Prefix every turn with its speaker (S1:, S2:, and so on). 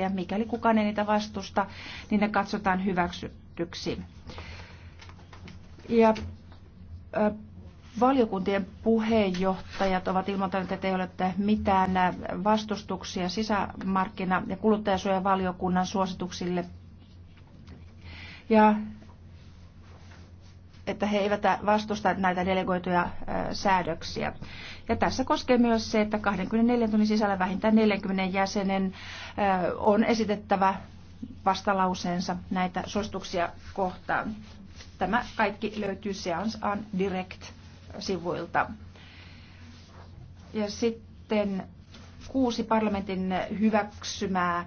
S1: ja mikäli kukaan ei niitä vastusta, niin ne katsotaan hyväksytyksi. Ja äh, valiokuntien puheenjohtajat ovat ilmoittaneet, että ei ole mitään vastustuksia sisämarkkina- ja kuluttajasuojavaliokunnan suosituksille. Ja että he eivät vastusta näitä delegoituja säädöksiä. Ja tässä koskee myös se, että 24 tunnin sisällä vähintään 40 jäsenen on esitettävä vastalauseensa näitä suosituksia kohtaan. Tämä kaikki löytyy Seans on Direct-sivuilta. Ja sitten kuusi parlamentin hyväksymää